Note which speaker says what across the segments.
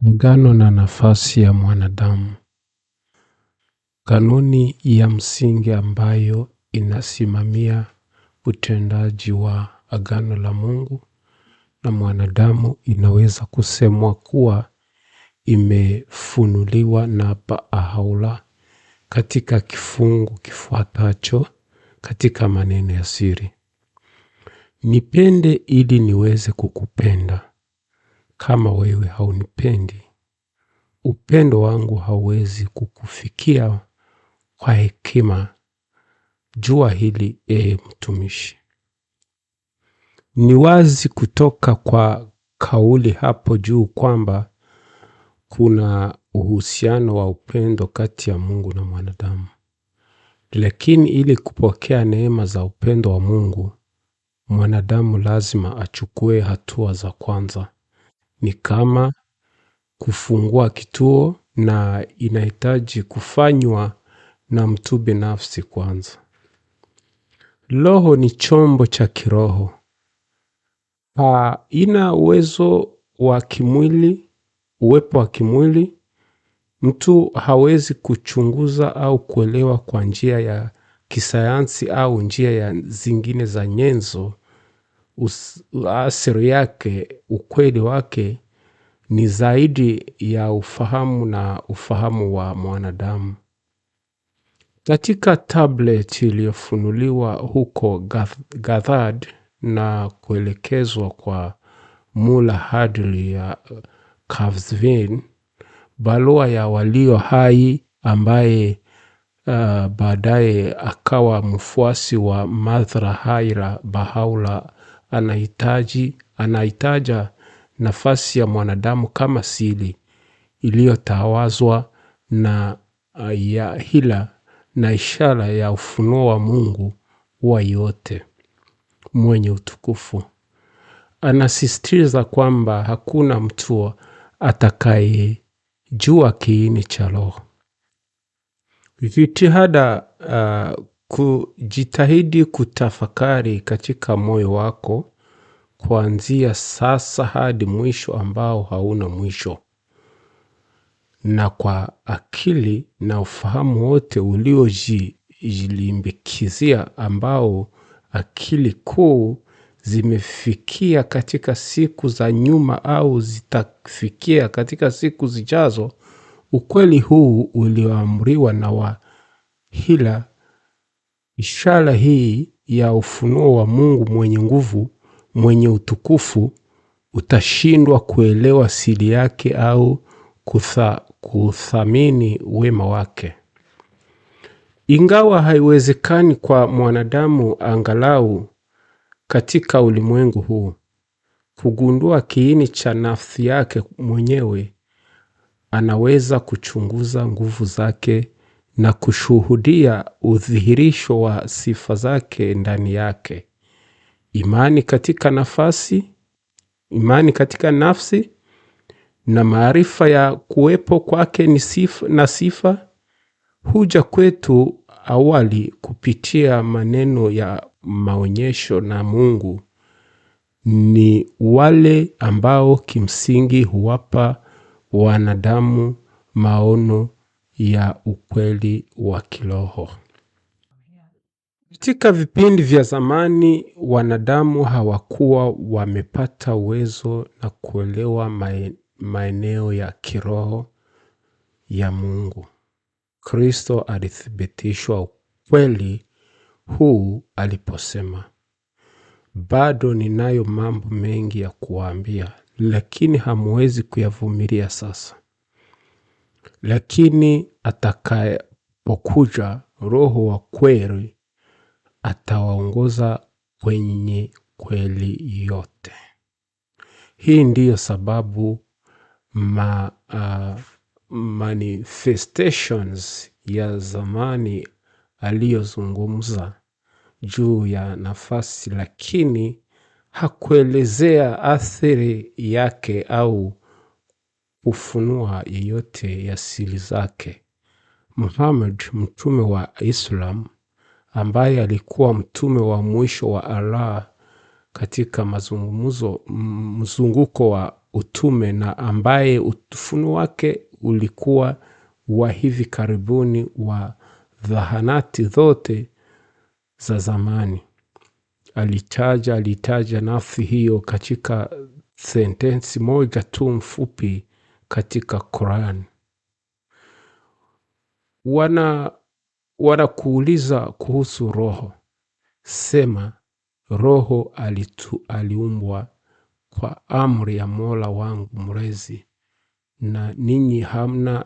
Speaker 1: Mgano na nafasi ya mwanadamu. Kanuni ya msingi ambayo inasimamia utendaji wa agano la Mungu na mwanadamu inaweza kusemwa kuwa imefunuliwa na Baha'u'llah katika kifungu kifuatacho katika maneno ya siri: Nipende ili niweze kukupenda kama wewe haunipendi, upendo wangu hauwezi kukufikia kwa hekima. Jua hili ee mtumishi. Ni wazi kutoka kwa kauli hapo juu kwamba kuna uhusiano wa upendo kati ya Mungu na mwanadamu, lakini ili kupokea neema za upendo wa Mungu, mwanadamu lazima achukue hatua za kwanza ni kama kufungua kituo na inahitaji kufanywa na mtu binafsi kwanza. Roho ni chombo cha kiroho. Haina uwezo wa kimwili, uwepo wa kimwili, mtu hawezi kuchunguza au kuelewa kwa njia ya kisayansi au njia ya zingine za nyenzo asiri yake, ukweli wake ni zaidi ya ufahamu na ufahamu wa mwanadamu. Katika tablet iliyofunuliwa huko Gathad na kuelekezwa kwa mula Hadli ya Qazvin, uh, barua ya walio hai ambaye uh, baadaye akawa mfuasi wa madhra Haila Bahaula anahitaji anahitaja nafasi ya mwanadamu kama sili iliyotawazwa na uh, ya hila na ishara ya ufunuo wa Mungu wa yote mwenye utukufu. Anasisitiza kwamba hakuna mtu atakayejua kiini cha roho. Jitihada uh, kujitahidi kutafakari katika moyo wako kuanzia sasa hadi mwisho ambao hauna mwisho, na kwa akili na ufahamu wote uliojilimbikizia ambao akili kuu zimefikia katika siku za nyuma au zitafikia katika siku zijazo, ukweli huu ulioamriwa na wahila Ishara hii ya ufunuo wa Mungu mwenye nguvu, mwenye utukufu, utashindwa kuelewa siri yake au kutha, kuthamini wema wake. Ingawa haiwezekani kwa mwanadamu, angalau katika ulimwengu huu, kugundua kiini cha nafsi yake mwenyewe, anaweza kuchunguza nguvu zake na kushuhudia udhihirisho wa sifa zake ndani yake. Imani katika nafasi, imani katika nafsi na maarifa ya kuwepo kwake ni sifa, na sifa huja kwetu awali kupitia maneno ya maonyesho na Mungu ni wale ambao kimsingi huwapa wanadamu maono ya ukweli wa kiroho. Katika vipindi vya zamani, wanadamu hawakuwa wamepata uwezo na kuelewa maeneo ya kiroho ya Mungu. Kristo alithibitishwa ukweli huu aliposema, bado ninayo mambo mengi ya kuwaambia, lakini hamwezi kuyavumilia sasa. Lakini atakapokuja Roho wa kweli atawaongoza kwenye kweli yote. Hii ndiyo sababu ma, uh, manifestations ya zamani aliyozungumza juu ya nafasi, lakini hakuelezea athiri yake au hufunua yeyote ya siri zake. Muhammad mtume wa Islam ambaye alikuwa mtume wa mwisho wa Allah katika mazungumzo mzunguko wa utume na ambaye ufunuo wake ulikuwa wa hivi karibuni wa dhahanati zote za zamani. Alitaja alitaja nafsi hiyo katika sentensi moja tu mfupi katika Quran. Wana wanakuuliza kuhusu roho, sema roho alitu, aliumbwa kwa amri ya Mola wangu Mlezi, na ninyi hamna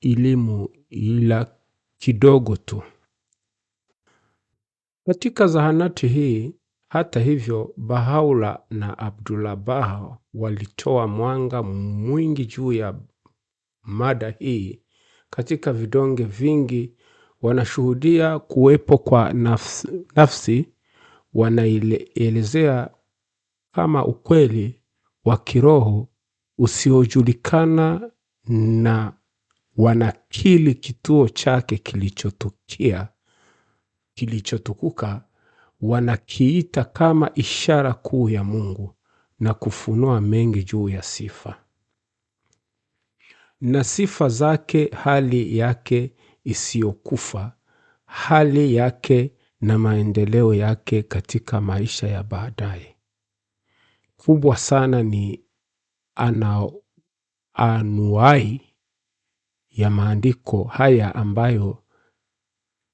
Speaker 1: elimu ila kidogo tu. Katika zahanati hii hata hivyo Bahaula na Baha walitoa mwanga mwingi juu ya mada hii katika vidonge vingi wanashuhudia kuwepo kwa nafsi, nafsi wanaielezea kama ukweli wa kiroho usiojulikana na wanakili kituo chake kilichotukia kilichotukuka wanakiita kama ishara kuu ya Mungu na kufunua mengi juu ya sifa na sifa zake, hali yake isiyokufa, hali yake na maendeleo yake katika maisha ya baadaye. Kubwa sana ni ana anuai ya maandiko haya ambayo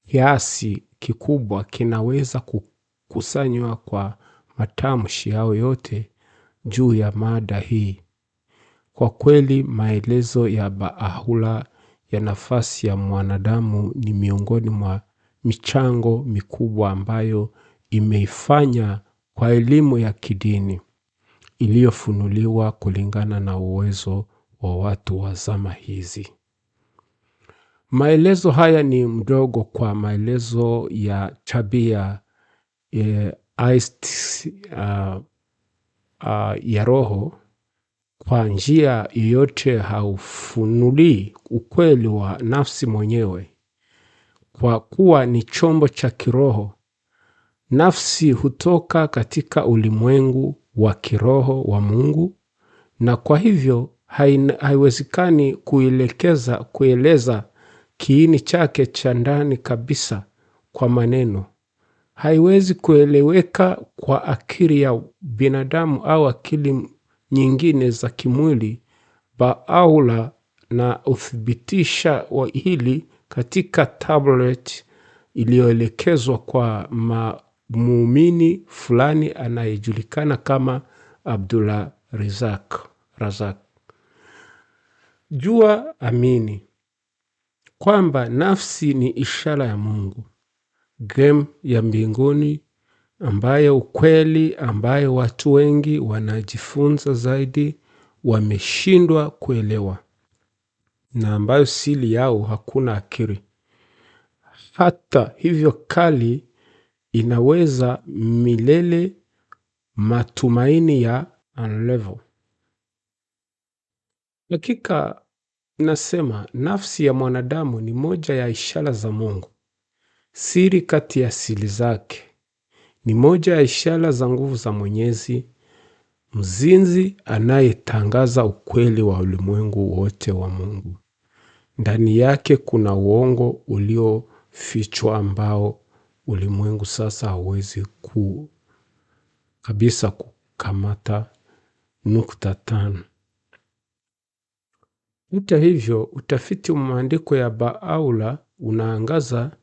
Speaker 1: kiasi kikubwa kinaweza ku kukusanywa kwa matamshi yao yote juu ya mada hii. Kwa kweli maelezo ya baahula ya nafasi ya mwanadamu ni miongoni mwa michango mikubwa ambayo imeifanya kwa elimu ya kidini iliyofunuliwa kulingana na uwezo wa watu wa zama hizi. Maelezo haya ni mdogo kwa maelezo ya tabia Uh, uh, ya roho kwa njia yoyote haufunulii ukweli wa nafsi mwenyewe. Kwa kuwa ni chombo cha kiroho, nafsi hutoka katika ulimwengu wa kiroho wa Mungu, na kwa hivyo haiwezekani kuelekeza kueleza kiini chake cha ndani kabisa kwa maneno, haiwezi kueleweka kwa akili ya binadamu au akili nyingine za kimwili. baaula na uthibitisha wa hili katika tablet iliyoelekezwa kwa muumini fulani anayejulikana kama Abdullah Rizak Razak. Jua amini kwamba nafsi ni ishara ya Mungu gem ya mbinguni ambayo ukweli ambayo watu wengi wanajifunza zaidi wameshindwa kuelewa na ambayo sili yao hakuna akiri. Hata hivyo kali inaweza milele matumaini ya unlevel. Hakika nasema nafsi ya mwanadamu ni moja ya ishara za Mungu. Siri kati ya asili zake ni moja ya ishara za nguvu za Mwenyezi, mzinzi anayetangaza ukweli wa ulimwengu wote wa Mungu. Ndani yake kuna uongo uliofichwa ambao ulimwengu sasa hauwezi ku kabisa kukamata. Nukta tano. Hata hivyo, utafiti wa maandiko ya Baaula unaangaza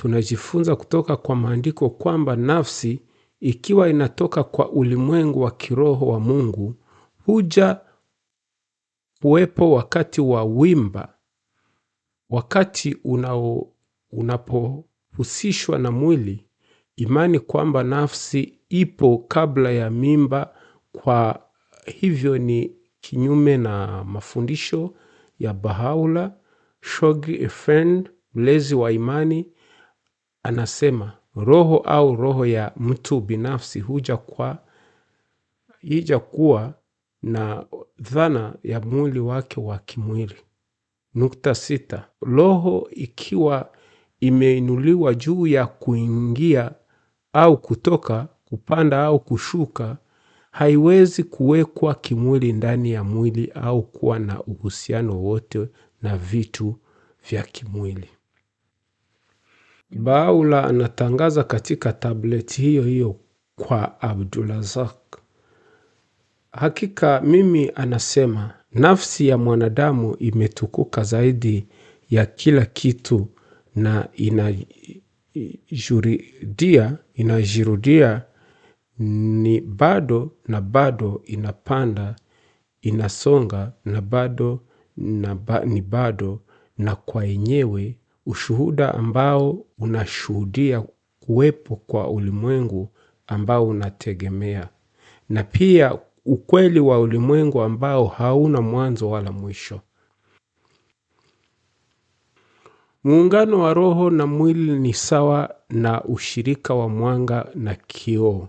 Speaker 1: tunajifunza kutoka kwa maandiko kwamba nafsi ikiwa inatoka kwa ulimwengu wa kiroho wa Mungu huja kuwepo wakati wa wimba, wakati unapohusishwa na mwili. Imani kwamba nafsi ipo kabla ya mimba, kwa hivyo ni kinyume na mafundisho ya Bahaula, Shoghi Effendi, mlezi wa imani anasema roho au roho ya mtu binafsi huja kwa hija kuwa na dhana ya mwili wake wa kimwili. Nukta sita. Roho ikiwa imeinuliwa juu ya kuingia au kutoka, kupanda au kushuka, haiwezi kuwekwa kimwili ndani ya mwili au kuwa na uhusiano wote na vitu vya kimwili. Baula anatangaza katika tableti hiyo hiyo kwa Abdulrazak: Hakika mimi anasema, nafsi ya mwanadamu imetukuka zaidi ya kila kitu na inajirudia ni bado na bado, inapanda inasonga na bado ni bado, na kwa yenyewe ushuhuda ambao unashuhudia kuwepo kwa ulimwengu ambao unategemea na pia ukweli wa ulimwengu ambao hauna mwanzo wala mwisho. Muungano wa roho na mwili ni sawa na ushirika wa mwanga na kioo.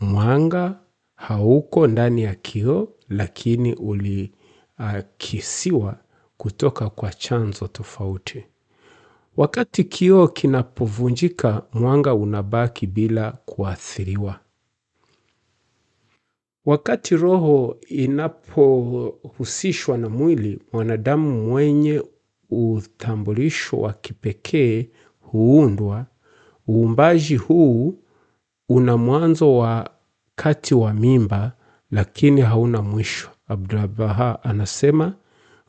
Speaker 1: Mwanga hauko ndani ya kioo, lakini uliakisiwa kutoka kwa chanzo tofauti. Wakati kioo kinapovunjika, mwanga unabaki bila kuathiriwa. Wakati roho inapohusishwa na mwili, mwanadamu mwenye utambulisho wa kipekee huundwa. Uumbaji huu una mwanzo wa kati wa mimba, lakini hauna mwisho. Abdu'l-Baha anasema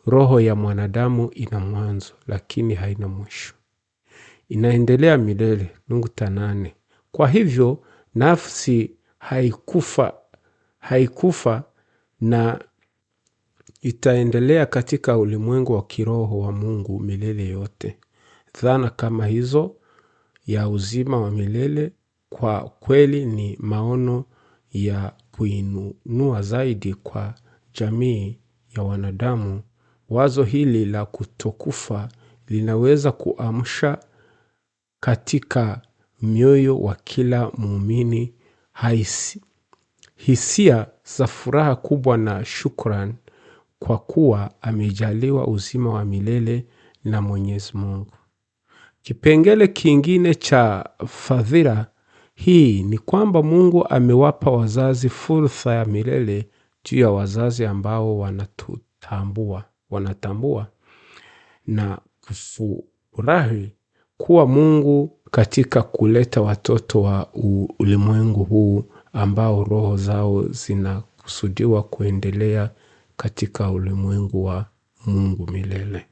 Speaker 1: Roho ya mwanadamu ina mwanzo lakini haina mwisho, inaendelea milele nungu tanane. Kwa hivyo nafsi haikufa, haikufa na itaendelea katika ulimwengu wa kiroho wa Mungu milele yote. Dhana kama hizo ya uzima wa milele kwa kweli ni maono ya kuinunua zaidi kwa jamii ya wanadamu wazo hili la kutokufa linaweza kuamsha katika mioyo wa kila muumini haisi hisia za furaha kubwa na shukran kwa kuwa amejaliwa uzima wa milele na mwenyezi mungu kipengele kingine cha fadhila hii ni kwamba mungu amewapa wazazi fursa ya milele juu ya wazazi ambao wanatutambua wanatambua na kufurahi kuwa Mungu katika kuleta watoto wa ulimwengu huu ambao roho zao zinakusudiwa kuendelea katika ulimwengu wa Mungu milele.